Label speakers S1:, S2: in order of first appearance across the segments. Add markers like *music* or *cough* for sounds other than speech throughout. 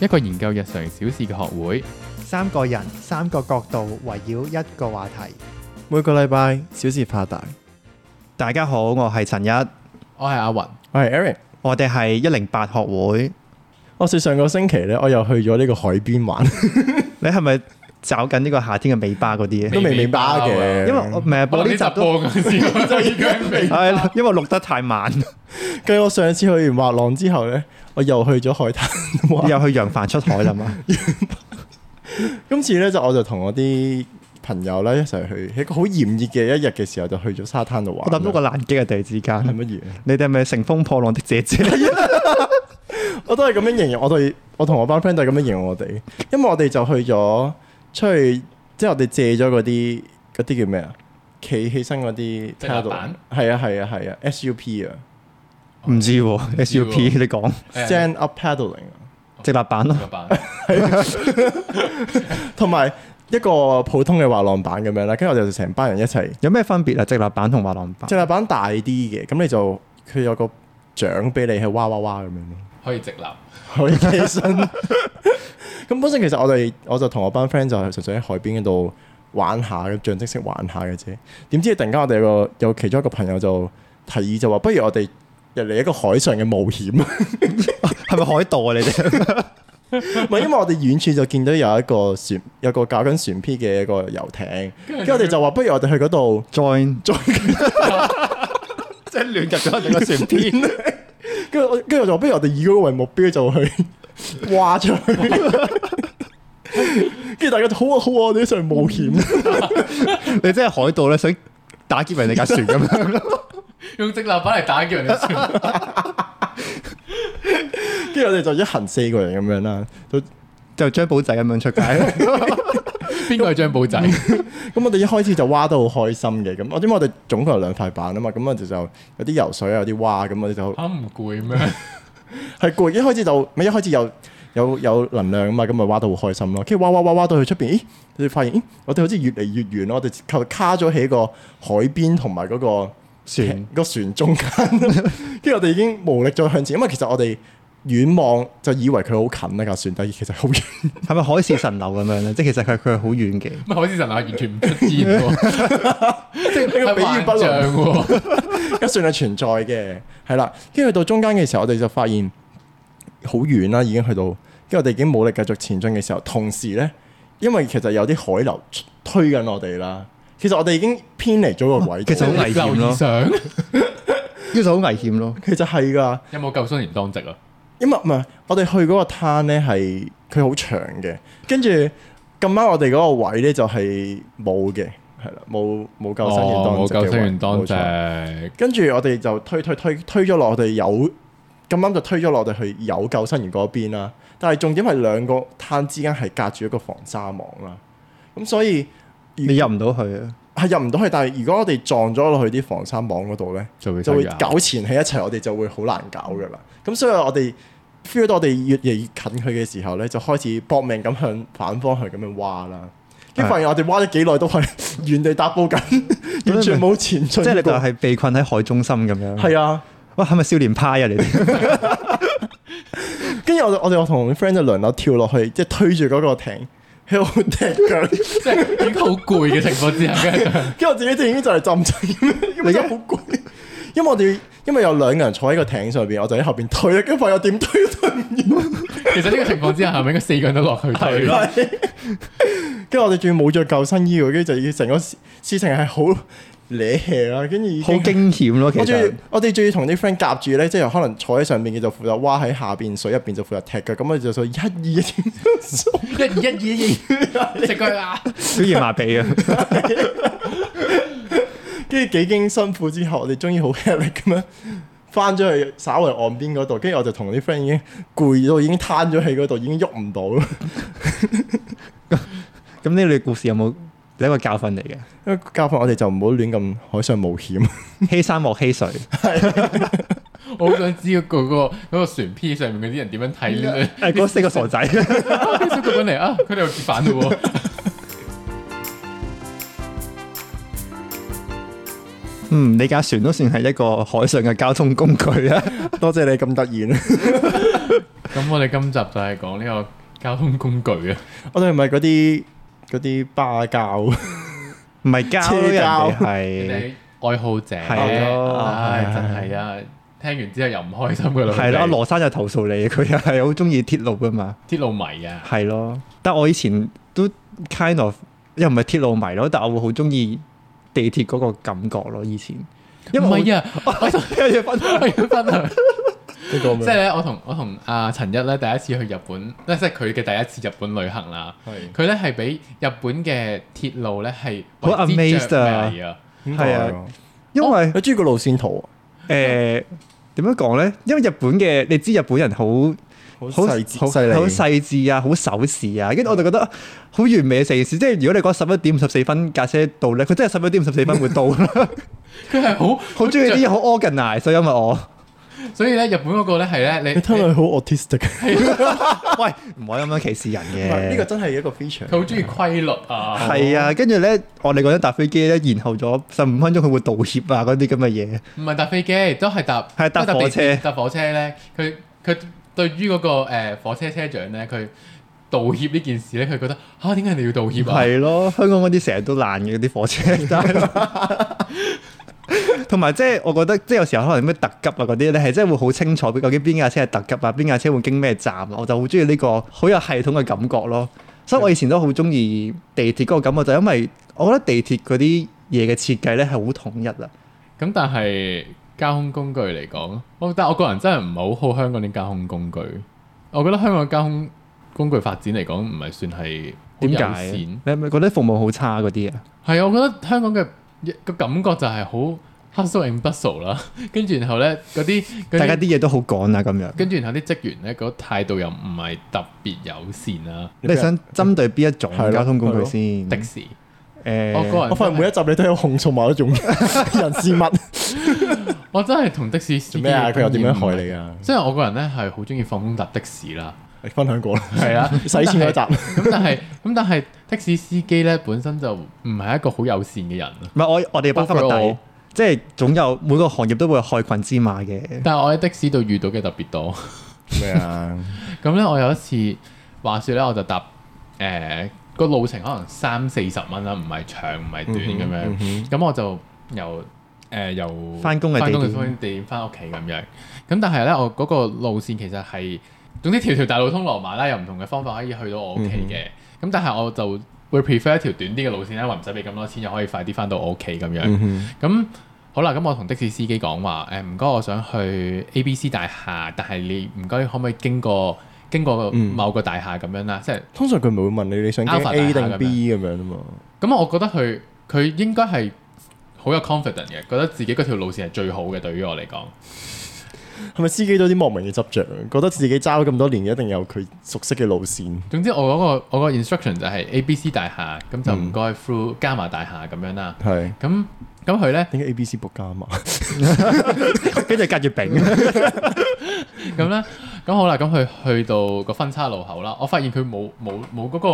S1: 一個研究日常小事嘅學會，
S2: 三個人，三個角度圍繞一個話題，每個禮拜小事化大。大家好，我係陳一，
S3: 我係阿云，我係 Eric，我哋係一零八學會。我說上個星期
S2: 呢，我又去咗呢個海邊玩。 *laughs* 你係咪？找緊呢個夏天嘅尾巴嗰啲嘢，都未尾巴嘅，巴因為唔係啊，我呢集係已 *laughs* 因為錄得太慢。跟
S3: 住我上次去完滑浪之後咧，我又去咗海灘，又去揚
S2: 帆出海啦嘛。
S3: *laughs* 今次咧就我就同我啲朋友咧一齊去，喺個好炎熱嘅一日嘅時候就去咗沙灘度玩我。我諗到個難擊啊，突然之間係乜嘢？你哋係咪乘風破浪的姐姐 *laughs* *laughs* 我都係咁樣形容，我對我同我班 friend 都係咁樣形容我哋，因為我哋就去咗。出去即係我哋借咗嗰啲嗰啲叫咩啊？企起身嗰啲直立板，係啊係啊係啊，SUP 啊，唔、啊啊啊 SUP
S2: 哦、知、啊、 *laughs* SUP 你講、哎、stand
S3: up paddling，okay, 直立板咯，同埋 *laughs* *laughs* 一個普通嘅滑浪板咁樣啦。跟住我就成班人一齊，有咩分別啊？直立板同滑浪板？直立板大啲嘅，咁你就佢有個槳俾你，係哇哇哇咁樣。
S1: 可以直立，可以起身。
S3: 咁本身其實我哋我就同我班 friend 就係純粹喺海邊嗰度玩下，咁象徵式玩下嘅啫。點知突然間我哋有個有其中一個，一個朋友就提議就話，不如我哋入嚟一個海上嘅冒險，係咪 *laughs* 海盜啊？你哋？唔 *laughs* 因為我哋遠處就見到有一個船，有個搞緊船 P 嘅一個遊艇，跟住我哋就話，不如我哋去嗰度 join join，
S2: 即係亂入咗我哋個船 P。
S3: 跟住我，跟住就不如我哋以嗰個為目標，就去划出去。跟住 *laughs* *laughs* 大家就好啊好啊，我上嗯、 *laughs* 你上去冒險？
S2: 你真係海盜咧，想打劫人哋架船咁樣
S1: 咯， *laughs* *laughs* 用直立板嚟打劫人
S3: 哋船。跟住我哋就一行四個人咁樣啦，就就將寶仔咁樣出街。 *laughs* *laughs* 邊個係張保仔？咁 *laughs* 我哋一開始就挖得好開心嘅。咁我因為我哋總共有兩塊板啊嘛，咁我哋就有啲游水啊，有啲蛙咁我哋就嚇唔攰咩？係攰！ *laughs* 一開始就咪一開始有有有能量啊嘛，咁咪挖得好開心咯。跟住蛙蛙蛙蛙到去出邊，咦？你就發現，咦？我哋好似越嚟越遠咯。我哋靠卡咗喺個海邊同埋嗰個船，船個船中間。跟住 *laughs* *laughs* 我哋已經無力再向前，因為其實我哋。遠望就以為佢好近咧架船，
S2: 但其實好遠，係咪海市蜃樓咁樣咧？即係其實佢佢係好遠嘅。唔
S1: 係海市蜃樓，完全唔出軌，
S3: *laughs* 即係呢個比喻不當。架 *laughs* 船係存在嘅，係啦。跟住去到中間嘅時候，我哋就發現好遠啦，已經去到。跟住我哋已經冇力繼續前進嘅時候，同時咧，因為其實有啲海流推緊我哋啦。其實我哋已經偏離咗個位，其實好危險
S1: 咯。
S3: 其實好危險咯，其實係噶。
S1: 有冇救生員當值啊？
S3: 因為唔係，我哋去嗰個灘咧係佢好長嘅，跟住咁啱我哋嗰個位咧就係冇嘅，係啦，冇冇救生員當值嘅位。冇救生員當值。跟住我哋就推推推推咗落，我哋有咁啱就推咗落，我哋去有救生員嗰邊啦。但係重點係兩個灘之間係隔住一個防沙網啦。咁所以你入唔到去啊？係入唔到去，但係如果我哋撞咗落去啲防山網嗰度咧，就會就會搞纏喺一齊，我哋就會好難搞噶啦。咁所以我哋 feel 到我哋越嚟越近佢嘅時候咧，就開始搏命咁向反方向咁樣挖啦。跟住發現我哋挖咗幾耐都係原地踏步緊，
S2: 完全冇前進。即係的 *laughs* 你就係被困喺海中心咁樣。係啊，哇，係咪少年派啊你哋？跟住我我哋我同 friend 就輪
S3: 流跳落去，即係推住嗰個艇。係我踢腳， *laughs* 即係已經好攰嘅情況之下，跟住我自己就已經就嚟浸井，因為好攰， *laughs* 因為我哋因為有兩個人坐喺個艇上邊，我就喺後邊推，跟住朋友點推都推唔完。 *laughs* 其實呢個情況之下
S1: 係咪 *laughs* 應該四個人都落去推？
S3: 跟住我哋仲要冇着救生衣，跟住就已經成個事情係好。你 hea 啦，跟住好驚險咯、啊。其實我哋仲要同啲 friend 夾住咧，即係可能坐喺上邊，佢就負責挖喺下邊水入邊就負責踢嘅。咁啊，就數一二一一二 *laughs* 一二一二，食佢啦！小兒 *laughs* 麻痹啊！跟住幾經辛苦之後，我哋終於好吃力咁樣翻咗去稍為岸邊嗰度。跟住我就同啲 friend 已經攰到已經攤咗喺嗰度，已經喐
S2: 唔到啦。咁咁呢類故事有冇？一個教訓嚟嘅，因為教訓我哋就唔好亂咁海上冒險，欺山莫欺水。
S1: 係啊，我好想知嗰個嗰個船 P 上面嗰啲人點樣睇呢？係嗰四個傻仔，啲小本嚟啊！佢哋又反咯。 *laughs* 嗯，
S2: 你架船都算係一個海上嘅交通工具啊！ *laughs* 多謝你咁突然。
S1: 咁 *laughs* *laughs* 我哋今集就係講呢個
S3: 交通工具啊！ *laughs* 我哋係咪嗰啲？嗰啲巴教，
S2: 唔係膠膠，係愛好者，係咯 *laughs* 了，唉、哎，真係啊！
S1: 聽完之後又唔開心嘅啦，係啦，羅
S2: 生就投訴你，佢又係好中意鐵路噶嘛，鐵路迷啊，係咯,但我以前都 kind of 又唔係鐵路迷咯,但我會好中意地鐵嗰個感覺咯，以前，
S1: 因為我，我有嘢分享，有嘢分享。即係咧，我同我同阿陳一咧第一次去日本，咧即係佢嘅第一次日本旅行啦。係佢咧係俾日本嘅鐵路咧係好 amazed 啊，
S3: 係
S2: 因為佢中意個路線圖。誒、哦，呃、點樣講咧？因為日本嘅你知，日本人好好好細好細致啊，好守時啊，跟住 *laughs* 我就覺得好完美嘅成件事。即係如果你講十一點五十四分架車到咧，佢真係十一點五十四分會到。佢係好好中意啲好 organize，所以因為我。
S1: 所以咧，日本嗰個咧係咧，你聽落去好 autistic。 *laughs* 喂，唔可以
S2: 咁樣歧視人嘅。呢、 *laughs* 呢個真
S1: 係一個 feature。佢好中意規律啊。係啊，跟
S2: 住咧，我哋覺得搭飛機咧，延後咗十五分鐘，佢會道歉啊，嗰啲咁嘅嘢。
S1: 唔係搭飛機，都係搭。係搭火車。搭，搭火車咧，佢佢對於嗰個火車車長咧，佢道歉呢件事咧，佢覺得嚇點解你要道歉啊？係
S2: 咯，香港嗰啲成日都爛嘅啲火車。 *laughs* 同埋即係， *laughs* 我覺得即係有時候可能咩特急啊嗰啲咧，係真係會好清楚究竟邊架車係特急啊，邊架車會經咩站啊，我就好中意呢個好有系統嘅感覺咯。所以我以前都好中意地鐵嗰個感覺，就因為我覺得地
S1: 鐵嗰啲嘢嘅設計咧係好統一啊。咁但係交通工具嚟講，我但係我個人真係唔係好好香港啲交通工具。我覺得香港嘅交通工具發展嚟講，唔係算係點解？你係咪覺得服務好差嗰啲啊？係啊，我覺得香港嘅。個感覺就係好 hustle and bustle 啦，跟住然後咧，嗰啲大家啲
S2: 嘢都好趕啊，咁樣。
S1: 跟住然後啲職員咧個態度又唔係特別友善啦、啊。你，你想針
S2: 對邊一種交對對通工具先？的士。時
S1: 誒，我個人、就是、我發
S3: 現每一集你都有控訴某一種人事物。
S1: *laughs* *laughs* 我真係同的士做咩啊？佢又點樣害你啊？即係我個人咧係好中意放工搭的士啦。分享過，係啊，使錢嗰集。咁但係是，咁 *laughs* 但係，的士司機咧本身就唔係一個好友善嘅人。唔係我，我哋包括我，即係總有每個行業都會害群之馬嘅。但係我喺的士度遇到嘅特別多咩啊？咁咧， *laughs* 我有一次話說咧，我就搭誒個、呃、路程可能三四十蚊啦，唔係長唔係短咁樣。咁我就由誒由翻工嘅翻工嘅地方翻屋企咁樣。咁但係咧，我嗰個路線其實係。總之條條大路通羅馬啦，有唔同嘅方法可以去到我屋企嘅。咁、嗯、哼但係我就會 prefer 一條短啲嘅路線啦，因為唔使俾咁多錢又可以快啲返到我屋企咁樣。咁、嗯、哼好啦，咁我同的士司機講話，誒唔該，我想去 A、B、C 大廈，但係你唔該，可唔可以經過經過某個大廈咁樣啦？嗯、即係是通常佢唔會問你你想經 A 定 B
S3: 咁樣啊嘛。
S1: 咁我覺得佢佢應該係好有 confident 嘅，覺得自己嗰條路線係最好嘅，對於我嚟講。
S3: 係咪司機都有啲莫名嘅執着？覺得自己揸咗咁多年，一定有佢熟悉嘅路線。
S1: 總之我嗰、那個我個 instruction 就係 A、B、C 大廈，咁就唔該 through 加麻大廈咁樣啦。係、嗯。咁咁佢咧點解 A、B、 *laughs* *laughs* C 步加麻？跟住隔住丙。咁咧，咁好啦，咁佢去到個分叉路口啦。我發現佢冇冇冇嗰個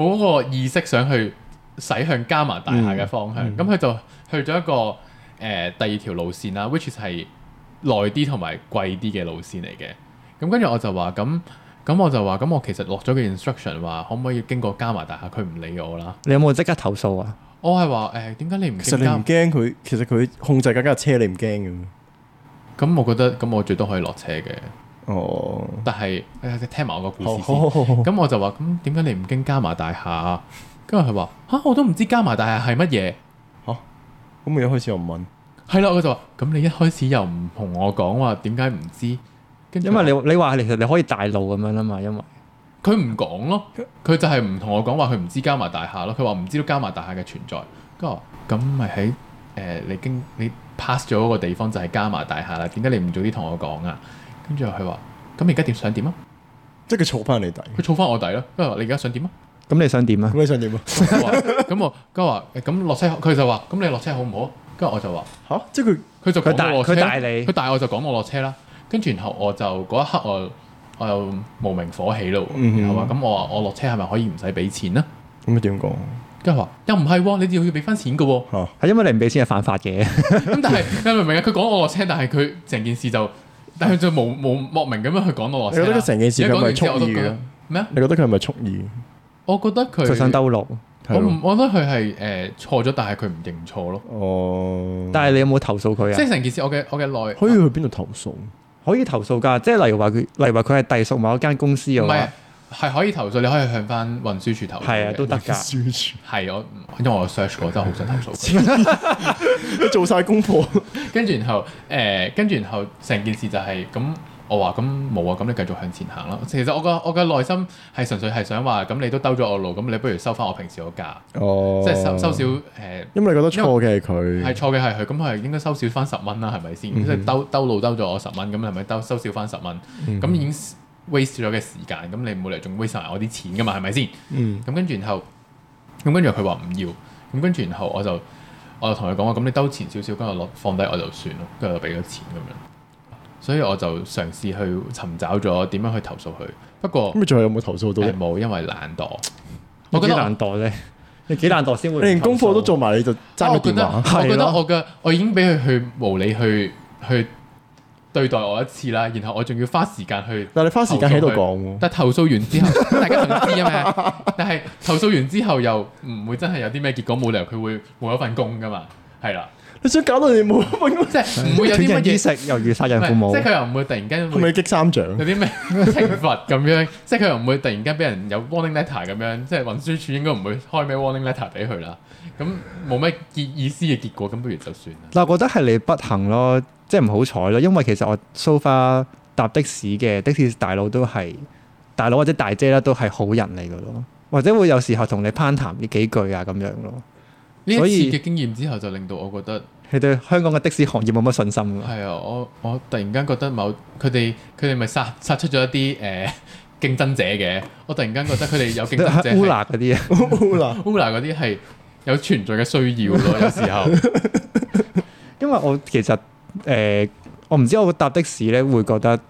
S1: 冇嗰個意識想去駛向加麻大廈嘅方向。咁佢、嗯嗯、就去咗一個誒、呃、第二條路線啦，which 係。耐啲同埋貴啲嘅路線嚟嘅，咁跟住我就話，咁咁我就話，咁我其實落咗個 instruction 話，可唔可以經過加麻大廈？佢唔理我啦。
S2: 你有冇即刻投訴啊？
S1: 我係話誒，點、欸、解你唔？其實你唔
S3: 驚佢，其實佢控制緊架車，你唔驚嘅。咁我
S1: 覺得，咁我最多可以落車嘅。哦、oh.，但係，哎聽埋我個故事先。咁、oh. 嗯、我就話，咁點解你唔經加麻大廈？跟住佢話嚇，我都唔知加麻大廈係乜嘢嚇。咁我一開始我唔問。係啦，佢就話：咁你一開始又唔同我講話、啊，點解唔知？因為你你話其實你可以大路咁樣啦嘛，因為佢唔講咯，佢就係唔同我講話，佢唔知加麻大廈咯，佢話唔知道加麻大廈嘅存在。哥，咁咪喺誒，你經你 pass 咗嗰個地方就係加麻大廈啦，點解你唔早啲同我講啊？跟住佢話：咁而家點想點啊？即係佢坐翻你底，佢坐翻我底咯。跟住話：你而家想點啊？咁你想點啊？咁你想點啊？咁 *laughs* 我哥話：咁落車，佢就話：咁你落車好唔好？跟住我就話吓？即係佢佢就佢帶佢帶你佢帶我就講我落車啦。跟住然後我就嗰一刻我就我又無名火起咯。嗯，係嘛？咁我話我落車係咪可以唔使俾錢呢？咁你點講跟住話又唔係，啊，你仲要俾翻錢嘅喎，啊。係、啊、因為你唔俾錢係犯法嘅。咁 *laughs* 但係你明唔明啊？佢講我落車，但係佢成件事就，但佢就冇無，無莫名咁樣去講我落車。覺得成件事佢係蓄意嘅咩？
S3: 你覺得佢係咪蓄意？
S1: 我覺得佢想兜
S3: 落。我唔，
S1: 我覺得佢係誒錯咗，但係佢唔認錯咯。哦、嗯，但係你有冇投訴佢啊？即係成件事我，我嘅我嘅內可以去邊度投訴？
S2: 哦、可以投訴㗎，即係例如話佢，例如話佢係隸屬某一間公司嘅話，
S1: 係可以投訴。你可以向翻運輸處投訴，係啊，都得㗎。運輸處係我，因為我 search 過，真係好想投訴。 *laughs* 做晒功課，跟住然後誒，跟住然後成件事就係、是、咁。我話咁冇啊，咁你繼續向前行啦。其實我個我嘅內心係純粹係想話，咁你都兜咗我路，咁你不如收翻我平時嗰價，哦、即係收收少誒。
S3: 呃、因為你覺得錯嘅係佢，係錯
S1: 嘅係佢，咁佢係應該收少翻十蚊啦，係咪先？即係、嗯、哼兜兜路兜咗我十蚊，咁係咪兜收少翻十蚊？咁、嗯、哼已經 waste 咗嘅時間，咁你冇嚟仲 waste 我啲錢噶嘛？係咪先？咁、嗯、跟住然後，咁跟住佢話唔要，咁跟住然後我就我就同佢講話，咁你兜前少少，跟住攞放低我就算咯，跟住就俾咗錢咁樣。所以我就嘗試去尋找咗點樣去投訴佢。不過咁你
S3: 仲有冇投訴到？
S1: 冇，因為懶惰。我覺得懶惰咧， *laughs*
S2: 你幾懶惰先會？你連
S1: 功課都做埋，你就爭我電話、哦。我覺得的我嘅，我已經俾佢去無理去去對待我一次啦。然後我仲要花時間去。但你花時間喺度講。但投訴完之後， *laughs* 大家同意知啊嘛。 *laughs* 但係投訴完之後又唔會真係有啲咩結果，冇理由，佢會冇一份工噶嘛。係
S3: 啦，你想搞到你冇乜，即係唔會有啲乜嘢食，
S1: 猶如殺人父母，即係佢又唔會突然間會，係咪擊三掌？有啲咩懲罰咁樣？即係佢又唔會突然間俾人有 warning letter 咁樣，即係運輸署應該唔會開咩 warning letter 俾佢啦。咁冇咩意意思嘅結果，咁不如就算啦。
S2: 嗱，我覺得係你不幸咯，即係唔好彩咯，因為其實我 so far 搭的士嘅的， *laughs* 的士大佬都係大佬或者大姐啦，都係好人嚟嘅咯，或者會有時候同你攀談呢幾句啊咁樣咯。呢一次嘅
S1: 經驗之後，就令到我覺得你
S2: 對香港嘅的，的士行業冇乜信心
S1: 咯。係啊，我我突然間覺得冇佢哋佢哋咪殺殺出咗一啲誒競爭者嘅。我突然間覺得佢哋、呃、有競爭者係烏拉嗰啲啊，烏拉嗰啲係有存在嘅需要咯。 *laughs* 有時候，
S2: *laughs* 因為我其實誒、呃、我唔知我搭的士咧會覺得誒、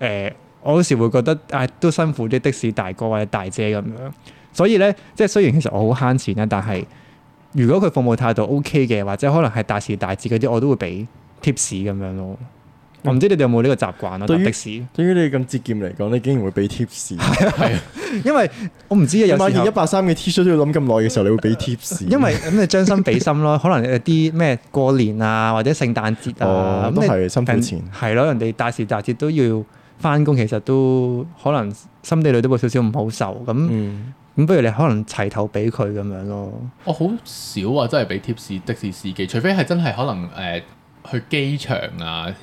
S2: 呃、我有時會覺得誒、呃、都辛苦啲的士大哥或者大姐咁樣。所以咧，即係雖然其實我好慳錢啦，但係。如果佢服務態度 OK 嘅，或者可能係大時大節嗰啲，我都會俾貼士咁樣咯。我唔知你哋有冇呢個習慣啊？嗯、對於的士，
S3: 對於你咁節儉嚟講，你竟然會俾貼士？p 係啊係
S2: 啊，因為我唔知啊，有冇一百三嘅 T 恤都要諗咁耐嘅
S3: 時候， *laughs* 你會俾貼士？因為
S2: 咁你將心比心咯， *laughs* 可能有啲咩過年啊，或者聖誕節啊，哦、都係辛你苦錢。係咯，人哋大時大節都要翻工，其實都可能心底裏都會少少唔好
S1: 受咁。咁不如你可能齊頭俾佢咁樣咯。我好少啊，真係俾貼士的士司機，除非係真係可能誒、呃、去機場啊。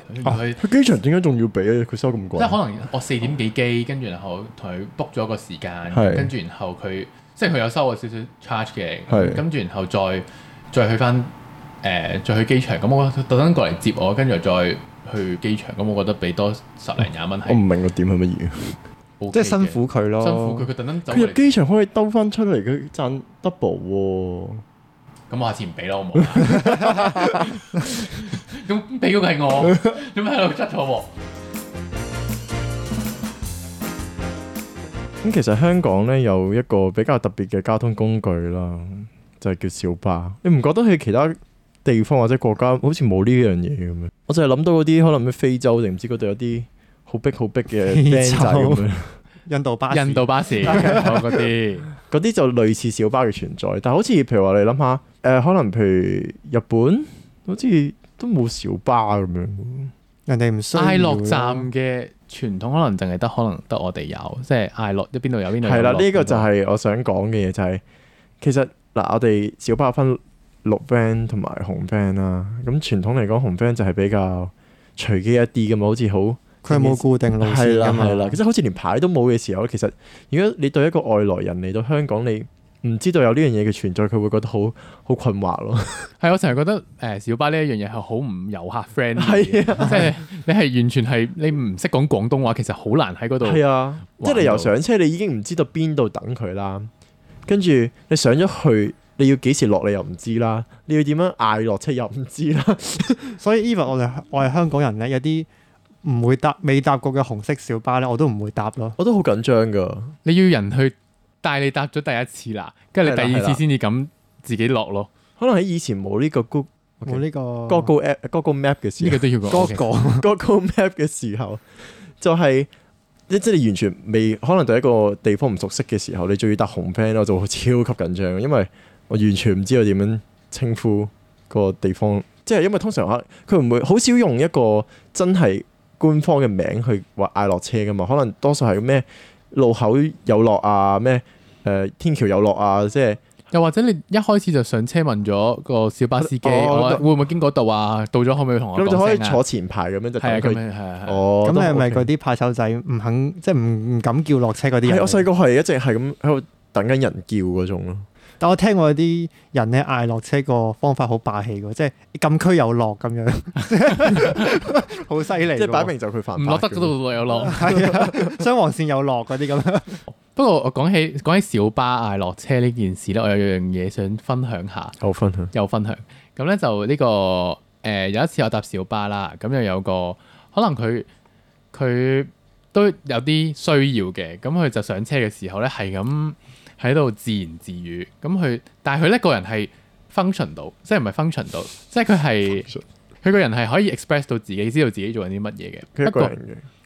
S1: 去機場點解仲要俾啊？佢收咁貴？即係可能我四點幾機，哦、跟住然後同佢 book 咗個時間，嗯、跟住然後佢即係佢有收過少少 charge 嘅。是跟住然後再再去翻誒、呃、再去機場。咁、嗯、我特登過嚟接我，跟住再去機場。咁、嗯、我覺得俾多十零廿蚊係。我唔明個點係乜嘢。 *laughs* 即係 Okay 辛苦佢咯，辛苦佢佢突然走。佢入機
S3: 場可以兜翻出嚟，佢賺 double，哦。咁我下次
S1: 唔俾啦，好冇？咁俾嘅係我，點解喺度執錯？咁
S3: 其實香港咧有一個比較特別嘅交通工具啦，就係、是、叫小巴。你唔覺得喺其他地方或者國家好似冇呢樣嘢嘅咩？我就係諗到嗰啲可能咩非洲定唔知嗰度有啲。好逼好逼嘅 band 仔
S1: 印度巴士、印度巴士嗰啲，
S3: 嗰啲 *laughs* *laughs* 就類似小巴嘅存在。但係好似譬如話，你諗下，誒可能譬如日本，好似都冇小巴咁樣。人哋唔需要、啊。埃洛站
S1: 嘅傳統可能淨係得，可能得我哋有，即係埃洛喺邊度有邊度。係啦，呢、呢個就
S3: 係我想講嘅嘢，就係其實嗱，我哋小巴分綠 van 同埋紅 van 啦。咁傳統嚟講，紅 van 就係比較隨機一啲嘅嘛，好似好。佢冇固定路線，係啦係啦，即係好似連牌都冇嘅時候。其實如果你對一個外來人嚟到香港，你唔知道有呢樣嘢嘅存在，佢會覺得好好困惑
S1: 咯。係我成日覺得誒、呃，小巴呢一樣嘢係好唔遊客 friend，即係你係完全係你唔識講廣東話，其實好難喺嗰度。係啊，即係你由上車，
S3: 你已經唔知道邊度等佢啦。跟住你上咗去，你要幾時落，你又唔知啦。
S2: 你要點樣嗌落車又唔知啦。 *laughs* 所以 even 我哋我係香港人咧，有啲。唔會搭未搭過嘅紅色小巴咧，我都唔會搭咯。我都好緊張噶。你要人去
S1: 帶你搭咗第一次啦，跟住你第二次先至噉自己落咯。
S2: 可能
S3: 喺以前冇呢、這個 Google、okay, okay ,呢個 Google Map 嘅時候，都要講。Google Google Map 嘅時候，就係、是、即係你完全未可能對一個地方唔熟悉嘅時候，你仲要搭紅 van 咧，我就超級緊張，因為我完全唔知道點樣稱呼個地方，即係因為通常佢唔會好少用一個真係官方嘅名去話嗌落車㗎嘛？可能多數係咩路口有落
S1: 啊？咩誒、呃、天橋有落啊？即係又或者你一開始就上車問咗個小巴司機，哦、會唔會經嗰度啊？到咗可唔可以同我講？咁就可以坐前排咁、啊、樣就睇下佢。
S3: 係哦，咁係咪嗰啲
S2: 怕醜仔唔肯即係唔唔敢叫落車嗰啲、啊？我細個係一直係咁喺度等緊人叫嗰種咯。但我聽過有啲人咧，嗌落車個方法好霸氣喎，即係禁區有落咁樣，好犀利。即係擺明就佢犯法唔落得嗰度
S1: 有落，係 *laughs* 啊、哎，雙黃線有落嗰啲咁。 *laughs* 不過我講起講起小巴嗌落車呢件事咧，我有樣嘢想分享下。分享有分享。有分享。咁咧就呢個誒，有一次我搭小巴啦，咁又有個可能佢佢都有啲需要嘅，咁佢就上車嘅時候咧係咁，喺度自言自語，咁佢，但係佢呢個人係 function 到，即係唔係 function 到，即係佢係，佢個人係可以 express 到自己知道自己做緊啲乜嘢嘅。不過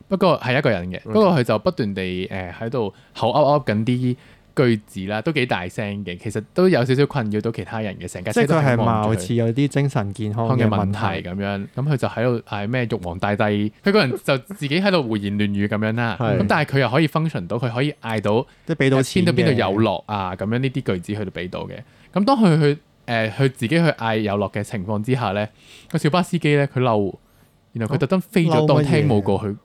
S1: 不過係一個人嘅，不過佢 Okay. 就不斷地誒喺度口噏噏緊啲句子啦，都幾大聲嘅，其實都有少少困擾到其他人，嘅成架車都望住，即係佢係貌似有啲精神健康嘅問題咁樣，咁佢 *laughs* 就喺度嗌咩玉皇大帝，佢個人就自己喺度胡言亂語咁樣啦。咁 *laughs* 但係佢又可以 function al，可以到，佢可以嗌到即係畀到錢邊度邊度有落啊，咁樣呢啲句子佢都俾到嘅。咁當佢去誒佢、呃、自己去嗌有落嘅情況之下咧，個小巴司機咧，佢嬲，然後佢特登飛咗、呃、當聽冇過去。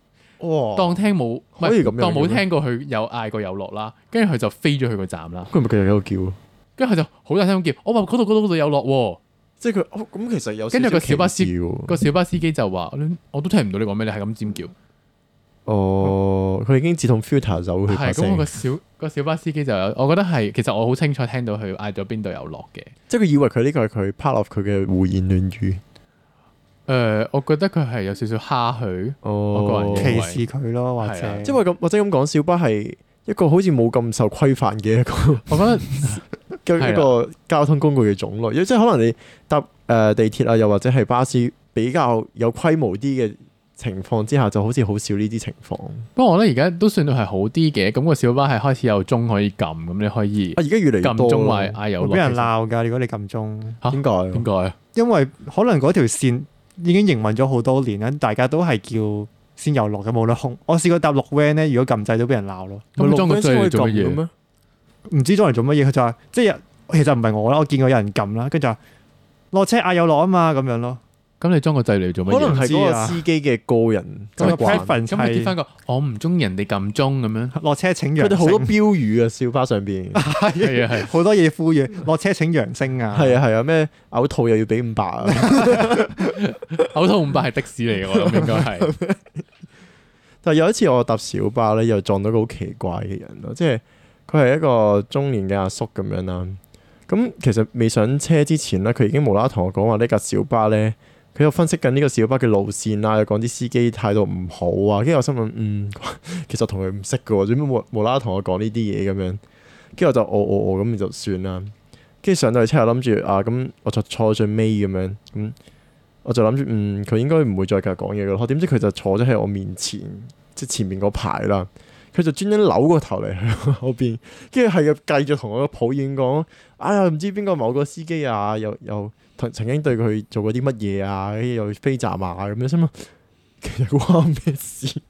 S1: 哇！哦、當聽冇，唔係當冇聽過佢有嗌過有落啦，跟住佢就飛咗去個站啦。佢
S3: 唔係其實喺度叫，
S1: 跟住佢就好大聲咁叫。我話嗰度嗰度嗰度有落，即係佢。咁、哦、其實有點點。跟住個小巴司個小巴司機就話，我都聽唔到你講咩，你係咁尖叫。
S3: 哦，佢已經自動 filter 走係咁，我、那個、
S1: 小、那個小巴司機就有，我覺得係其實我好清楚聽到佢嗌咗邊度有落嘅。
S3: 即係佢以為佢呢個係佢 part of 佢嘅胡言亂語。
S1: 誒、呃，我覺得佢係有少少蝦佢，哦、我歧視佢咯，或者，因為咁或者咁講，小巴係
S3: 一個好似冇咁受規範嘅一個。我覺得嘅 *laughs* 一個交通工具嘅種類，啊、即係可能你搭誒地鐵啊，又或者係巴士比較有規模啲嘅情
S1: 況之下，就好似好少呢啲情況。不過我覺得而家都算到係好啲嘅，咁個小巴係開始有鐘可以撳，咁你可以。啊，而家越嚟越多啦，啊、越越多會俾人鬧㗎。實如果你撳鐘，點
S2: 解、啊？點解？因為可能嗰條線。已經營運咗好多年啦，大家都係叫先有落嘅，冇得空。我試過搭綠 van 咧，如果撳掣都俾人鬧咯。咁綠 van 先去撳嘅咩？唔知裝嚟做乜嘢？佢就話即係，其實唔係我啦，我見過有人撳啦，跟住就話落車呀、啊、有落啊嘛，咁樣咯。咁你裝個掣嚟做咩？可能係嗰個司
S1: 機嘅個人習慣，咁咪貼翻個我唔中意人哋撳鐘咁樣。落車請揚佢哋好多標語啊，小巴上邊係 *laughs* *laughs* 啊係，好、
S2: 啊、 *laughs* 多嘢呼籲落車請揚聲啊，係 *laughs* 啊
S1: 係啊咩
S3: 嘔吐又要俾五百啊，
S1: 嘔吐五百係的士嚟嘅，我諗應該係。
S3: *laughs* 但係有一次我搭小巴咧，又撞到個好奇怪嘅人咯，即係佢係一個中年嘅阿叔咁樣啦。咁其實未上車之前咧，佢已經無啦啦同我講話呢架小巴咧。佢又分析緊呢個小巴嘅路線啦，又講啲司機態度唔好啊，跟住我心諗，嗯，其實同佢唔識嘅喎，做咩冇冇啦啦同我講呢啲嘢咁樣？跟住我就哦，哦，哦，咁就算啦。跟住上到去之後，我諗住啊，咁我就坐最尾咁樣，咁我就諗住，嗯，佢、嗯、應該唔會再繼續講嘢嘅咯。點知佢就坐咗喺我面前，即前面嗰排啦。佢就專登扭個頭嚟喺我後邊，跟住係繼續同我抱怨講：「哎呀，唔知邊個某個司機啊，又又，又曾經對佢做過啲乜嘢啊？跟住又飛閘啊，咁樣先嘛。其實關咩事？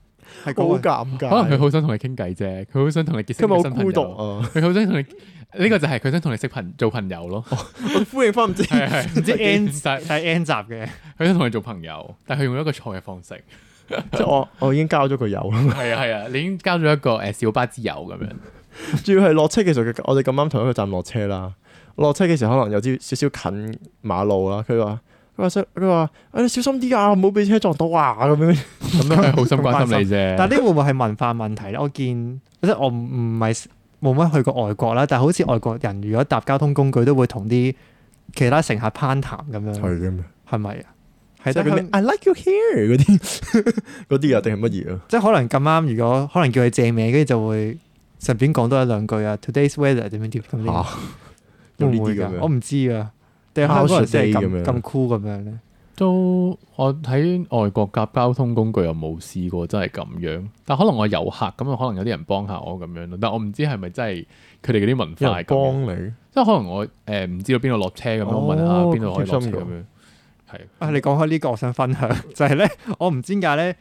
S3: 係好尷尬。可能佢好
S1: 想同你傾偈啫，佢好想同你結識孤獨朋啊，佢好想同你呢、呢個就係佢想同你識朋友做朋友咯。呼應返唔知唔、 *laughs* *laughs* *laughs* 啊、知 N 集，係 N 集嘅。佢想同你做朋友，但佢用一個錯嘅方式。 *laughs* 即係我我已經交咗個友。係啊係啊，你已經交咗一個誒小巴之友咁樣。
S3: 仲 *laughs* 要係落車嘅時候，我哋咁啱同一個站落車啦。落車嘅時候可能有啲少少近
S2: 馬路啦，佢話
S3: 佢話佢話誒你小心啲啊，唔好俾車撞到啊咁樣，
S2: 咁都係好心關心你啫。 *laughs* 但係呢會唔會係文化問題咧？我見即係我唔唔係冇乜去過外國啦，但係好似外國人如果搭交通工具都會同啲其他乘客攀談咁樣，係嘅的，係咪啊？係即
S3: I like you here 嗰啲嗰啲啊？定係乜嘢
S2: 啊？即係可能咁啱，如果可能叫佢借名，跟住就會順便講多一兩
S1: 句啊。Today's weather 點樣點咁樣。 *laughs* *laughs* 會唔會噶些、啊？我唔知啊。掉翻個車咁咁
S2: cool 咁樣咧？
S1: 都我喺外國夾交通工具又冇試過，真係咁樣。但可能我遊客，咁可能有啲人幫下我咁樣咯。但我唔知係咪真係佢哋嗰啲文化係咁樣。幫你，即係可能我誒唔知道邊度落車咁樣，我問下邊度可以落車咁樣。係啊。你講開呢個，我想分享就係、是、咧，我唔知點解咧，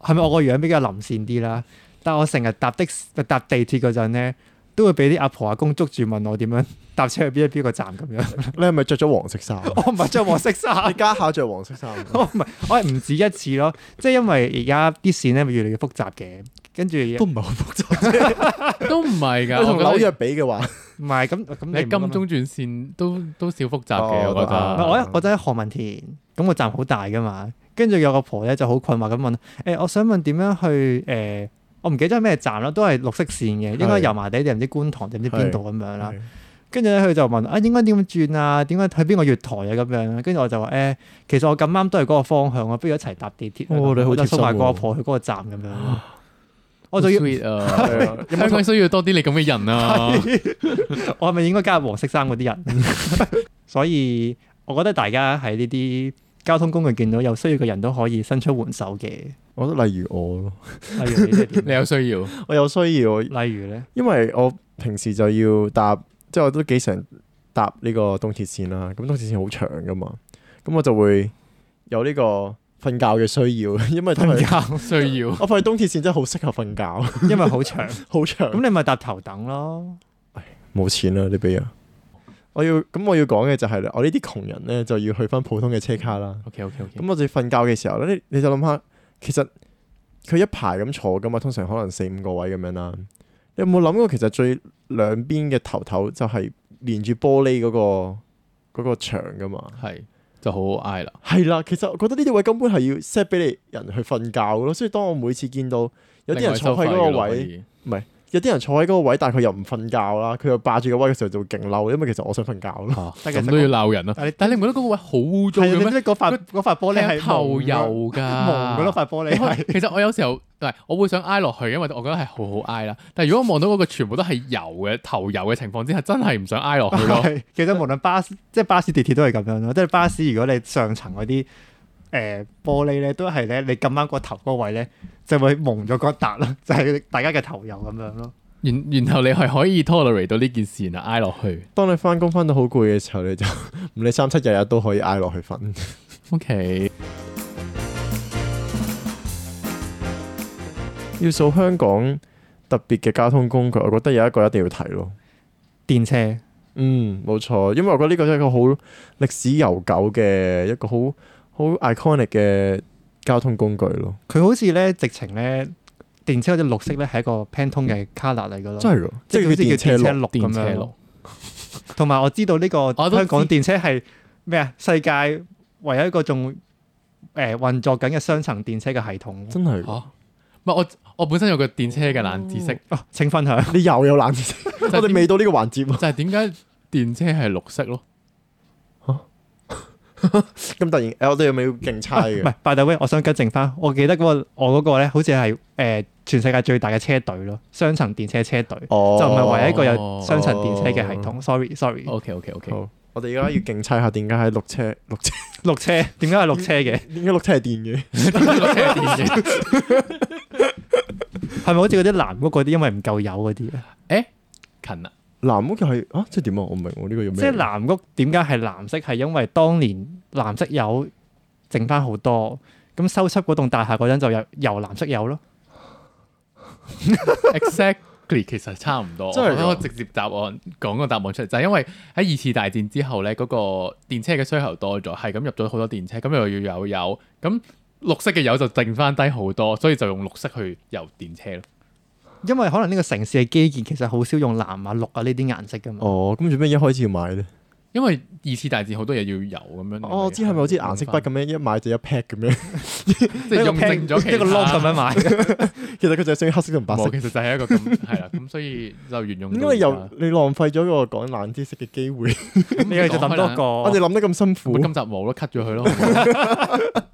S2: 係咪我個樣比較林善啲啦？但係我成日搭的搭地鐵嗰陣咧。都會俾啲阿婆阿公捉住問我點樣搭車去邊一邊個站咁樣？你係咪着咗黃色衫？我
S3: 唔係着黃色衫，你家下着黃色衫。
S2: 我唔係，我係唔止一次咯。即係因為而家啲線咧越嚟越複雜嘅，跟住都唔係好複雜， *laughs* *laughs* 都唔係㗎。你同紐約比嘅話，唔係咁咁。你金鐘轉線都都少複雜嘅， *laughs* 我覺得。唔係，我覺得喺何文田咁、嗰個站好大㗎嘛。跟住有個婆咧就好困惑咁問：誒，我想問點樣去誒？誒我唔記得係咩站啦，都係綠色線嘅，是應該油麻地定唔知觀塘定唔知邊度咁樣啦。跟住咧，佢就問啊，應該點樣轉啊？點解去邊個月台啊？咁樣。跟住我就話誒、欸，其實我咁啱都係嗰個方向啊，不如一齊搭地鐵。哦你啊、我覺得好似送埋個阿婆去嗰個站咁樣。啊、
S1: 我需要需要多啲你咁嘅人啊！
S2: 是 *laughs* 我係咪應該加入黃色衫嗰啲人？ *laughs* 所以，我覺得大家喺呢啲交通工具見到有需要嘅人都可以伸出援手嘅，
S3: 我覺得例如我咯，例如你咧點？
S1: 你有需要？
S3: *laughs* 我有需要。例如咧，因為我平時就要搭，即係我都幾常搭呢個東鐵線啦。咁東鐵線好長噶嘛，咁我就會有呢個瞓覺嘅需要。因為瞓覺需要， *laughs* 我發現東鐵線真係好適合瞓覺，因為好長，好 *laughs* 長。咁 *laughs* 你咪搭頭等咯。冇唉錢啦，你俾啊！我要咁我要講嘅就係、是、咧，我呢啲窮人咧就要去返普通嘅車卡啦。OK OK OK。咁我哋瞓覺嘅時候咧，你就諗下，其實佢一排咁坐噶嘛，通常可能四五個位咁樣啦。你有冇諗過其實最兩邊嘅頭頭就係連住玻璃嗰、那個嗰、那個、牆噶嘛？係，就好挨啦。係啦，其實我覺得呢啲位根本係要 set 俾你人去瞓覺咯。所以當我每次見到有啲人坐喺嗰個位，唔係。有啲人坐喺嗰個位，但係佢又唔瞓覺啦，佢又霸住個位嘅時候就會勁嬲，因為其實我想瞓覺啦。咁、啊、都要
S1: 鬧人啊！但係你唔覺得嗰個位好污糟咩？嗰塊嗰塊玻璃係頭油㗎，蒙嗰咯塊玻璃係。其實我有時候我會想挨落去，因為我覺得係好好挨啦。但係如果我望到嗰個全部都係油嘅、頭油嘅情況之下，真係唔想挨落去咯。
S2: 其實無論巴士 *laughs* 即係巴士、地鐵都係咁樣咯，即係巴士如果你上層嗰啲。呃、玻璃咧，都係咧。你咁啱個頭嗰位咧，就會矇咗嗰笪咯。就係、是、大家嘅頭油咁樣咯。
S1: 然然後你係
S3: 可以 tolerate 到呢件事，而家挨落去。當你翻工翻到好攰嘅時候，你就唔理三七日日都可以挨落去瞓。OK，要數香港特別嘅交通工具，我覺得有一個一定要提咯，電車。嗯，冇錯，因為我覺得呢個都係一個好歷史悠久嘅一個好好 iconic 嘅交通工具咯，
S2: 佢好似咧直情咧電車嗰隻綠色咧係一個 Pantone 通嘅 color 嚟噶咯，真係即係佢似叫電車綠咁車樣。同埋車 *laughs* 我知道呢個香港電車係咩啊？世界唯一一個仲誒運作緊嘅雙層電車嘅系統。真
S1: 係嚇，唔係、啊、我我本身有個電車嘅冷知識、嗯、啊！請分享，你又有冷知識， *laughs* 就係、我哋未到呢個環節喎。就係點解電車係綠色咯？
S3: 咁 *laughs* 突然，我哋有咪要競猜嘅，唔係，
S2: 大啲喂！我、啊、away, 我想更正翻，我記得、嗰個我嗰個咧，好似係誒全世界最大嘅車隊咯，雙層電車車隊，哦、就唔係唯一一個有雙層電車嘅系統。Sorry，Sorry。OK，OK，OK。好，我哋而家要競猜下，點解係綠車？綠車？綠車？點解係綠車嘅？點解綠車係電嘅？綠車係電嘅。係咪好似嗰啲藍嗰啲，因為唔夠油嗰啲咧？誒、欸，近啦、啊。藍屋係啊，即係點啊？我唔明喎，呢個要即係藍屋點解係藍色？係因為當年藍色油剩翻好多，咁修葺嗰棟大廈嗰陣就有
S1: 油藍色油咯。 *laughs* Exactly，其實差唔多。即係 *laughs* 我，我直接答案，講個答案出嚟，就係、是、因為喺二次大戰之後咧，嗰、那個電車嘅需求多咗，係咁入咗好多電車，咁又要有油，咁綠色嘅油就剩翻低好多，所以就用綠色去油電車咯。
S2: 因為可能呢個城市嘅基建，其實好少用藍啊、綠啊呢啲顏色噶嘛。哦，咁做咩一開始要買咧？因為二次大戰好多嘢
S1: 要油咁樣。哦，
S3: 知係咪好似顏色筆咁樣一買就一 pack 咁樣，即係用剩咗一個 lock 咁樣買。其實佢就係屬於黑色同白色，其實就係一個
S1: 係啦。咁所以就沿用。因為又
S3: 你浪費咗一個講冷知識嘅機會。你哋就諗多個，我哋諗得咁辛苦，今集
S1: 冇咯，cut 咗佢咯。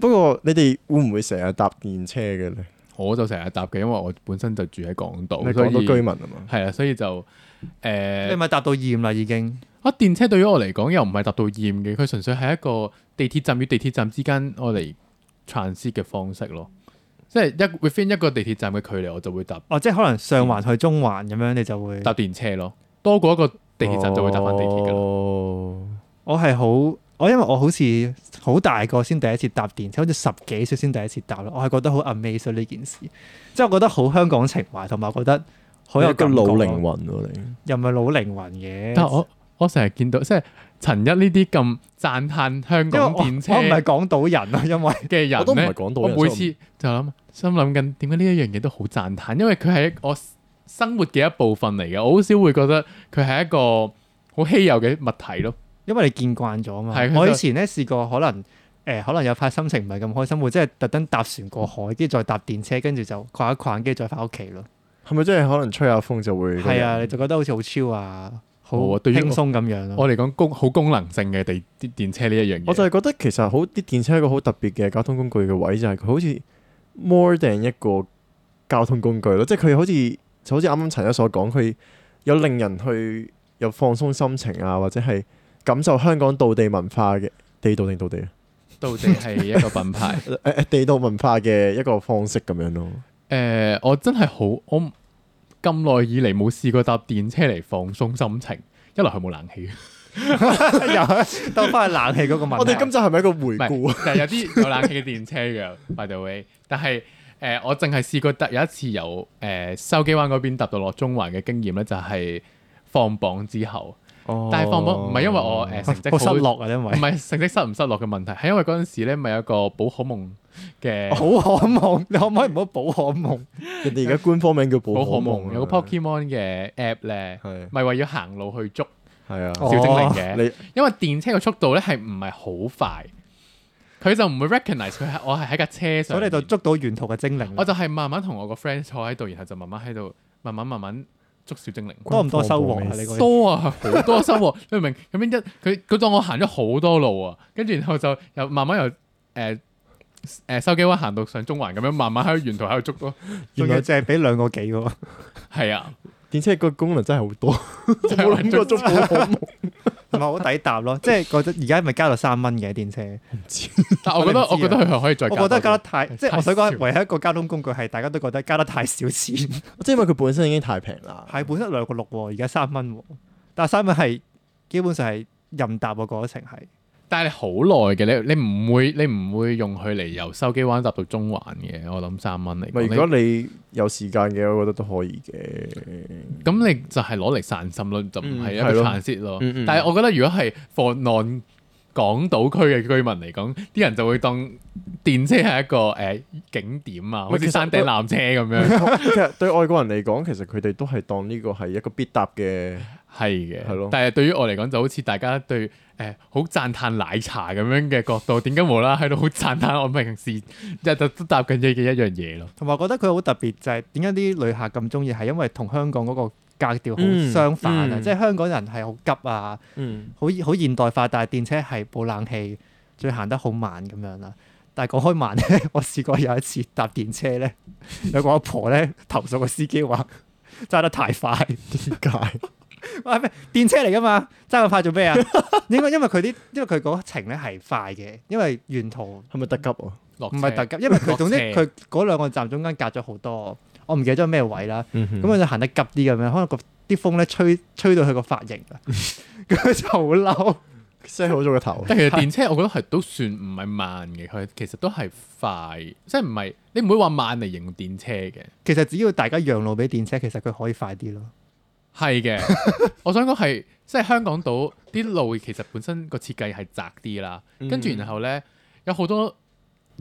S3: 不過你哋會唔會成
S1: 日搭電車嘅咧？我就成日搭嘅，因為我本身就住喺港島，港島居民啊嘛，係啊，所以就誒，呃、你咪搭到厭啦已經。啊，電車對於我嚟講又唔係搭到厭嘅，佢純粹係一個地鐵站與地鐵站之間我嚟 transit 嘅方式咯，即係一 within 一個地鐵站嘅距離我就會搭。哦，即係可能上環去中環咁樣，嗯，你就會搭電車咯，
S2: 多過一個地鐵站就會搭翻地鐵㗎啦。哦。我係好，我、哦、因為我好似好大個先第一次搭電車，好似十幾歲先第一次搭咯。我係覺得好 amazing 呢件事，即係我覺得好香港情懷，同埋覺得好有感覺。一個老靈魂
S3: 喎、啊，你
S1: 又唔係老靈魂
S2: 嘅？
S3: 但我
S1: 我成日見到即係陳一呢啲咁讚歎香港電車，我，我唔係港島人啊，因為嘅人我唔係港島人。我每次就諗心諗緊，點解呢一樣嘢都好讚歎？因為佢係我生活嘅一部分嚟嘅，我好少會覺得佢係一個好稀有嘅物體咯。因為你見
S2: 慣咗啊嘛。係。我以前咧試過，可能誒、呃，可能有排心情唔係咁開心，會即係特登搭船過海，跟住再搭電車，跟住就逛一逛，跟住再返屋企咯。
S3: 係咪即係可能吹下風就會？係啊，你
S2: 就覺得好似好 chill 啊，好輕鬆
S3: 咁、啊哦、樣咯。我嚟講，功好功能性嘅地啲電車呢一樣嘢，我就係覺得其實好啲電車係一個好特別嘅交通工具嘅位就係、係、佢好似 more than 一個交通工具咯，即係佢好似就好似啱啱陳一所講，佢有令人去有放鬆心情啊，或者係。感受香港道地文化嘅地道定道地
S1: 道地道係一個品牌？
S3: 誒， *laughs* 地道文化嘅一個方式咁樣
S1: 咯。誒、呃，我真係好，我咁耐以嚟冇試過搭電車嚟放鬆心情，一來係冇冷氣，又兜翻去冷氣嗰個問題。我哋今集係咪一個回顧啊？係、就係、有啲有冷氣嘅電車嘅 *laughs* ，by the way 但。但係誒，我淨係試過搭有一次由誒筲箕灣嗰邊搭到落中環嘅經驗咧，就係、係、放榜之後。但係放榜唔係因為我誒成績失落啊，因為唔係成績失唔失落嘅問題，係因為嗰陣時咧咪有一個寶可夢嘅，寶
S3: 可夢你可唔可以唔好寶可夢？人哋而家官方名叫寶可夢，有
S1: 個 Pokemon 嘅 app 咧，係咪話要行路去捉係啊小精靈嘅？因為電車嘅速度咧係唔係好快，佢就唔會 recognize 佢我係喺架車上，所以你就捉到沿途嘅精靈。我就係慢慢同我個 friend 坐喺度，然後就慢慢喺度，慢慢慢慢。捉小精靈多唔多收穫啊？你個多啊，好多收穫。 *laughs* 你明？唔明？咁樣一佢佢當我行咗好多路啊，跟住然後就又慢慢由誒誒筲箕灣行到上中環咁樣，慢慢喺沿途喺度捉咯。原來淨係俾兩個幾喎。係啊，
S3: 電
S2: 車個功能真
S3: 係好多，
S1: 冇諗 *laughs* 過捉多。 *laughs* *laughs* 唔係好抵搭咯，即係覺
S2: 得而家咪加到三蚊嘅電車。唔知但係我覺得我覺得佢係可以再，我覺得加得太，太少即係我想講，唯一一個交通工具係大家都覺得加得太少錢。即係因為佢本身已經太平啦。係本身兩個六喎，而家三蚊喎，但係三蚊係基本上係任搭個過程
S1: 係。但係你好耐嘅，你你唔會你唔會用佢嚟由筲箕灣搭到中環嘅。我諗三蚊你。唔係，如果你
S3: 有時間嘅，我覺得都可以嘅。
S1: 咁你就係攞嚟散心，嗯、散心咯，就唔係一個嘆咯。但係我覺得如果係放浪港島區嘅居民嚟講，啲、嗯嗯、人就會當電車係一個誒、呃、景點啊，好似山頂纜車咁樣。其實
S3: 對外國人嚟講，其實佢哋都係當呢個係一個必搭嘅。係嘅，的但係
S1: 對於我嚟講，就好似大家對誒好、欸、讚歎奶茶咁樣嘅角度，點解無啦啦喺度好讚歎我平時 *laughs* 日日都搭
S2: 緊嘅嘅一樣嘢咯？同埋我覺得佢好特別，就係點解啲旅客咁中意，係因為同香港嗰個格調好相反啊！嗯嗯、即係香港人係好急啊，好好、嗯、現代化，但係電車係冇冷氣，最行得好慢咁樣啦。但係講開慢咧， *laughs* 我試過有一次搭電車咧，有個阿婆咧投訴個司機話揸 *laughs* 得太快，點解？ *laughs* 唔係咩電車嚟噶嘛？揸咁快做咩啊？ *laughs* 應該因為佢啲，因為佢嗰程咧係快嘅，因為沿途係咪特急哦？唔係車特急，因為佢車總之佢嗰兩個站中間隔咗好多，我唔記得咗咩位啦。咁佢就行得急啲咁樣，可能個啲風咧吹吹到佢個髮型啊，咁、嗯、就好嬲，吹好咗個頭。其實電車
S1: 我覺得係都算唔係慢嘅，佢其實都係快，即係唔係你唔會話慢嚟形容電車嘅。
S2: 其實只要大家讓路俾電車，其實佢可以快啲咯。
S1: 係嘅， *laughs* 我想講係，即、就、係、是、香港島啲路其實本身個設計係窄啲啦，跟住、嗯、然後咧有好多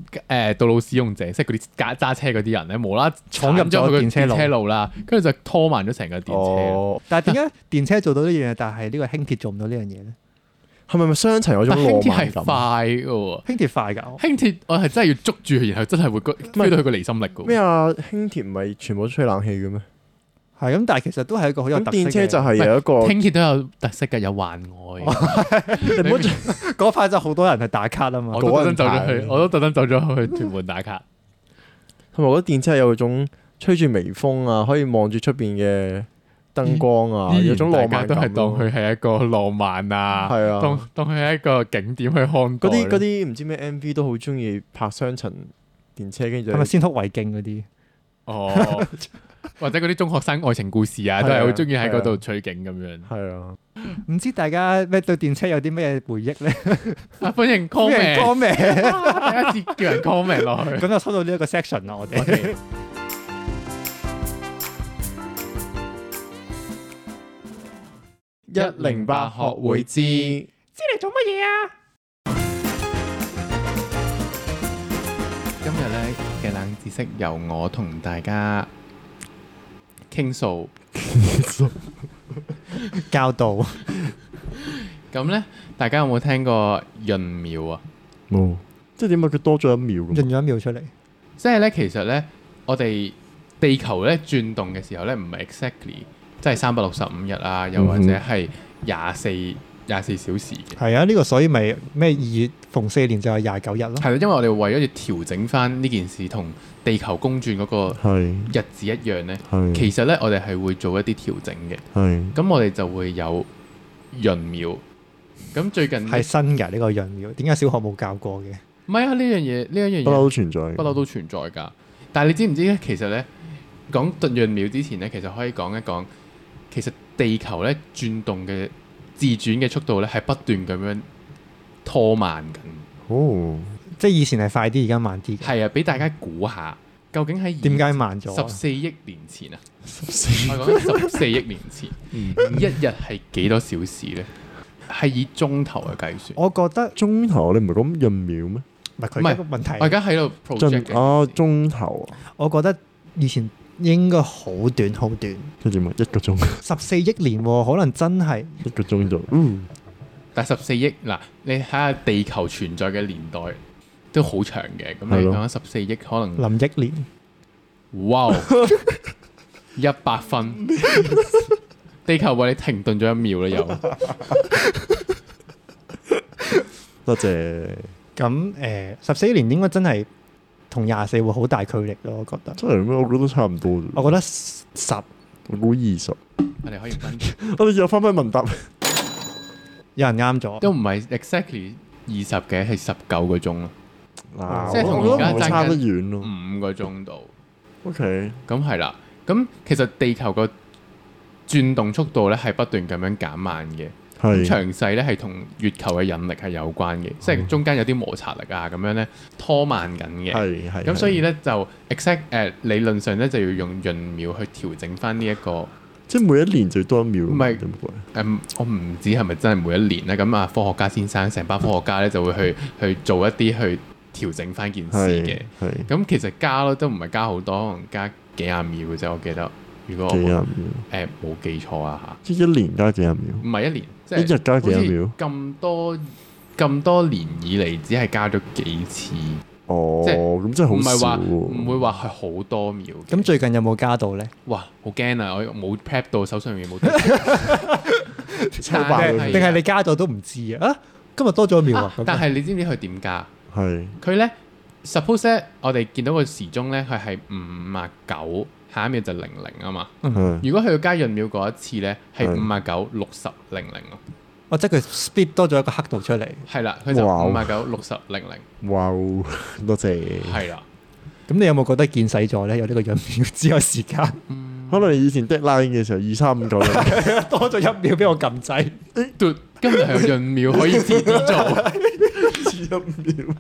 S1: 誒、呃、道路使用者，即係嗰啲揸車嗰啲人咧，無啦啦闖入咗佢個電車路啦，跟住就拖慢咗成個
S2: 電車。但係點解電車做到呢樣嘢，但係呢個輕鐵做唔到呢樣嘢咧？係咪咪雙層嗰種輕鐵係
S1: 快噶？輕鐵快噶？輕鐵我係真係要捉住佢，然後真係會吹到佢個離心力噶。咩
S3: 啊？輕鐵唔係全部都吹冷氣嘅咩？係咁，但係其實都係一個好有特色嘅。咁電車就係有一個聽見都有
S2: 特色嘅，有幻外。你唔好再嗰塊就好多人去打卡啊嘛！我都特登走咗去，我都特登走咗去屯門打卡。
S3: 同埋我覺得電車係有嗰種吹住微風啊，可以望住出邊嘅燈光啊，有種浪漫。都係當佢係一個浪漫
S1: 啊，係啊，當當佢係一個景點去看待。嗰啲
S3: 啲唔知咩 MV 都好中意拍雙層電車，跟
S2: 住係咪先睹為敬啲？哦。
S1: 或者嗰啲中學生愛情故事啊，都係好中意喺嗰度取景咁樣。係
S2: 啊，唔、啊、知大家咩對電車有啲咩回憶咧？ *laughs* 啊，
S1: 歡迎 comment，comment，第一次叫人 comment 落去。咁就 *laughs* 收到呢一個 section 咯，我哋。一零八學會知，
S2: *laughs* 知你做乜嘢
S1: 啊？今日咧嘅冷知識由我同大家，傾訴，聊 *laughs* 教導，咁咧，大家有冇聽過閏秒啊？
S2: 冇，嗯，即係點解啊？佢多咗一秒咯，閏咗一秒出嚟，
S1: 即係咧，其實咧，我哋地球咧轉動嘅時候咧，唔係 exactly，即係三百六十五日啊，又或者係廿四。廿四小時嘅係啊，呢個所以咪咩二逢四年就係廿九日咯。係啦，因為我哋為咗要調整翻呢件事同地球公轉嗰個日子一樣咧，的其實咧我哋係會做一啲調整嘅。係
S3: 的，
S1: 咁我哋就會有閏秒。咁最近係
S2: 新㗎呢個閏秒，點解小學冇教過嘅？
S1: 唔係啊，呢樣嘢呢一樣嘢不嬲都存在，不嬲都存在㗎。但係你知唔知咧？其實咧講閏秒之前咧，其實可以講一講，其實地球咧轉動嘅。自轉嘅速度咧，係不斷咁樣拖慢緊。哦，即係以前係快啲，而家慢啲。係啊，俾大家估下，究竟喺點解慢咗？十四億年前啊，十四億年前， *laughs* 一日係幾多小時咧？係以鐘頭去計算。我覺得鐘頭，你唔係講閏秒咩？唔係，唔係不問題。我而家喺度 project 啊，哦，
S2: 鐘頭，我覺得以前。應該好短，好短。一點啊，一個鐘。十四億年，可能真係一個鐘就嗯。但係十
S1: 四億嗱，你睇下地球存在嘅年代都好長嘅，咁你講十四億可能林億年。哇！一百分， *laughs* *laughs* 地球為你停頓咗一秒啦，又。
S2: 多謝。咁誒，十四億年應該真係。同廿四會好大距離咯，我覺得。真係咩？我覺得都差唔多。我覺得十，我估二十。
S1: 我哋可以分，
S2: 我哋又分分問
S1: 答。有人啱咗，都唔係 exactly 二十嘅，係十九個鐘咯。即係同而家差得遠咯，啊，五個鐘度。OK，咁係啦。咁其實地球個轉動速度咧係不斷咁樣減慢嘅。咁詳細咧係同月球嘅引力係有關嘅，嗯、即係中間有啲摩擦力啊咁樣，咧拖慢緊嘅。係係。咁所以咧就 exact 誒、uh，理論上咧就要用閏秒去調整翻呢一個，即係每一年最多一秒。唔係誒，我唔知係咪真係每一年啦。咁啊，科學家先生成班科學家咧就會去呵呵去做一啲去調整翻件事嘅。係，咁其實加咯都唔係加好多，可能加幾廿秒嘅啫。我記得如果我幾廿秒誒冇、呃、記錯啊吓，即
S3: 一年加幾廿
S1: 秒？唔係一年。一日加幾多秒？咁多咁多年以嚟，只係加咗幾次哦。即係咁，真係好少。唔會話係好多秒。咁最近有冇加到咧？哇！好驚啊！我冇 prep 到，手上面冇。定係你加到都唔知啊？啊！今日多咗一秒啊！但係你知唔知佢點加？係佢咧，suppose 我哋見到個時鐘咧，佢係五啊九。下面就零零啊嘛，嗯、如果佢要加閏秒嗰一次呢是的、嗯，係五十九六十零零咯，哇！即係佢 speed 多咗一個刻度出嚟，係啦，佢就五十九六十零零。
S2: 哇！多謝。係啦，咁你有冇覺得見細咗呢？有呢個閏秒只有時間，嗯、可能以前 deadline 嘅時候二三五左右，多咗一秒俾我撳制。 *laughs* 今日有閏秒可以遲啲做。 *laughs* *laughs* 一秒。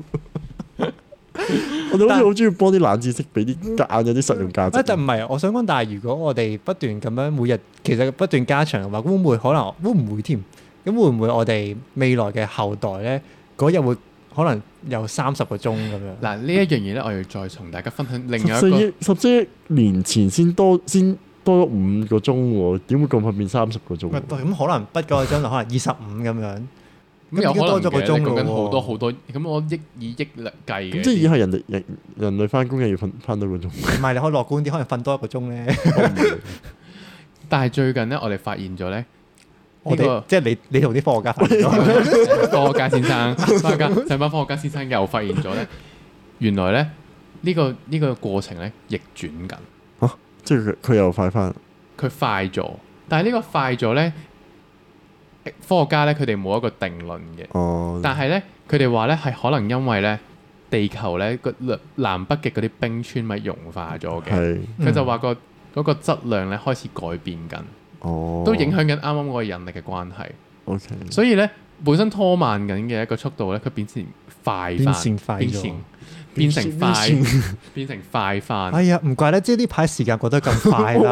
S3: *laughs* 我哋好似好中意幫啲冷知識俾啲夾硬有啲實用價值。
S2: 但唔係，我想講，但係如果我哋不斷咁樣每日，其實不斷加長嘅話，會唔會可能會唔會添？咁會唔會我哋未來嘅後代
S1: 咧，嗰日會可能有三十個鐘咁樣？嗱，呢一樣嘢咧，我要再同大家分享另一十一。十億
S3: 十之年前先多先多咗五個鐘喎，點會咁快變三十個鐘？
S1: 咁 *laughs* 可
S2: 能不夠個鐘 *laughs* 可能二十五咁樣。咁、嗯、已經多咗個鐘咯，好多好多，咁、嗯、我億以億嚟計咁即係以後
S3: 人類人人類翻工又要
S2: 瞓翻多個鐘？唔係， *laughs* 你可以樂觀啲，可能瞓多一個鐘咧。 *laughs* 但係最
S1: 近咧，我哋發現咗咧，呢們、這個即係你你同啲科學家發現咗 *laughs* *laughs* 科學家先生、上班科學家先生又發現咗咧， *laughs* 原來咧、這、呢個呢、這個過程咧逆轉緊，吓、啊，即係佢佢又快翻，佢快咗，但係呢個快咗咧。科學家咧，佢哋冇一個定論嘅。哦、但係咧，佢哋話咧係可能因為咧地球咧個南北極嗰啲冰川咪融化咗嘅，佢、嗯、就話個嗰個質量咧開始改變緊，哦、都影響緊啱啱嗰個引力嘅關係。Okay, 所以咧本身拖慢緊嘅一個速度咧，佢變成快，變成快咗。變變成快變成快快。 *laughs* 哎
S2: 呀，唔怪啦，即係呢排時間過得咁快啦，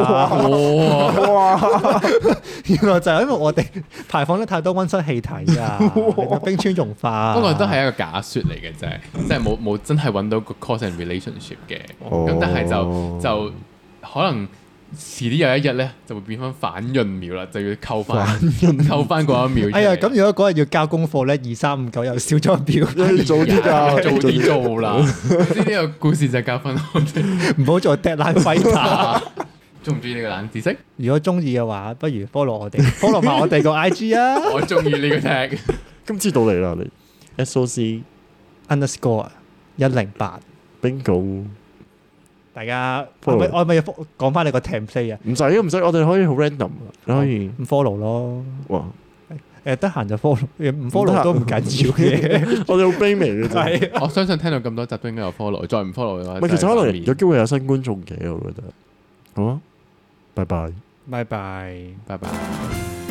S2: 啊， *laughs* 原來就係因為我哋排放得太多溫室氣體啊， *laughs* 冰川融
S1: 化。不過都係一個假説嚟嘅啫，即係冇冇真係揾到個 causal relationship 嘅，咁但係就就可能。遲啲有一日咧，就會變翻反潤秒啦，就要扣翻扣翻嗰一秒。哎呀，
S2: 咁如果嗰日要交功課咧，二三五九又少咗一秒。早啲做啦，呢
S1: 個故事就加分咯。
S2: 唔好再踢爛廢茶。中唔中意呢個冷知識？如果中意嘅話，不如 follow 我哋，follow 埋我哋個 I G 啊。
S1: 我中意呢
S2: 個 tag。今朝到你啦，SOC underscore 一零八 bingo。大家，我咪我咪要講翻你個 template 啊？唔使啊，唔使，我哋可以好 random 啊，你可以唔 follow 咯。哇！誒，得閒就 follow，唔 follow 都唔緊要嘅。我哋好卑微嘅，
S1: 我相信聽到咁多集都應該有 follow，再唔 follow 嘅話，唔係其實可能
S3: 有機會有新觀眾嘅，我覺得。好啊，拜拜，
S1: 拜拜，拜拜。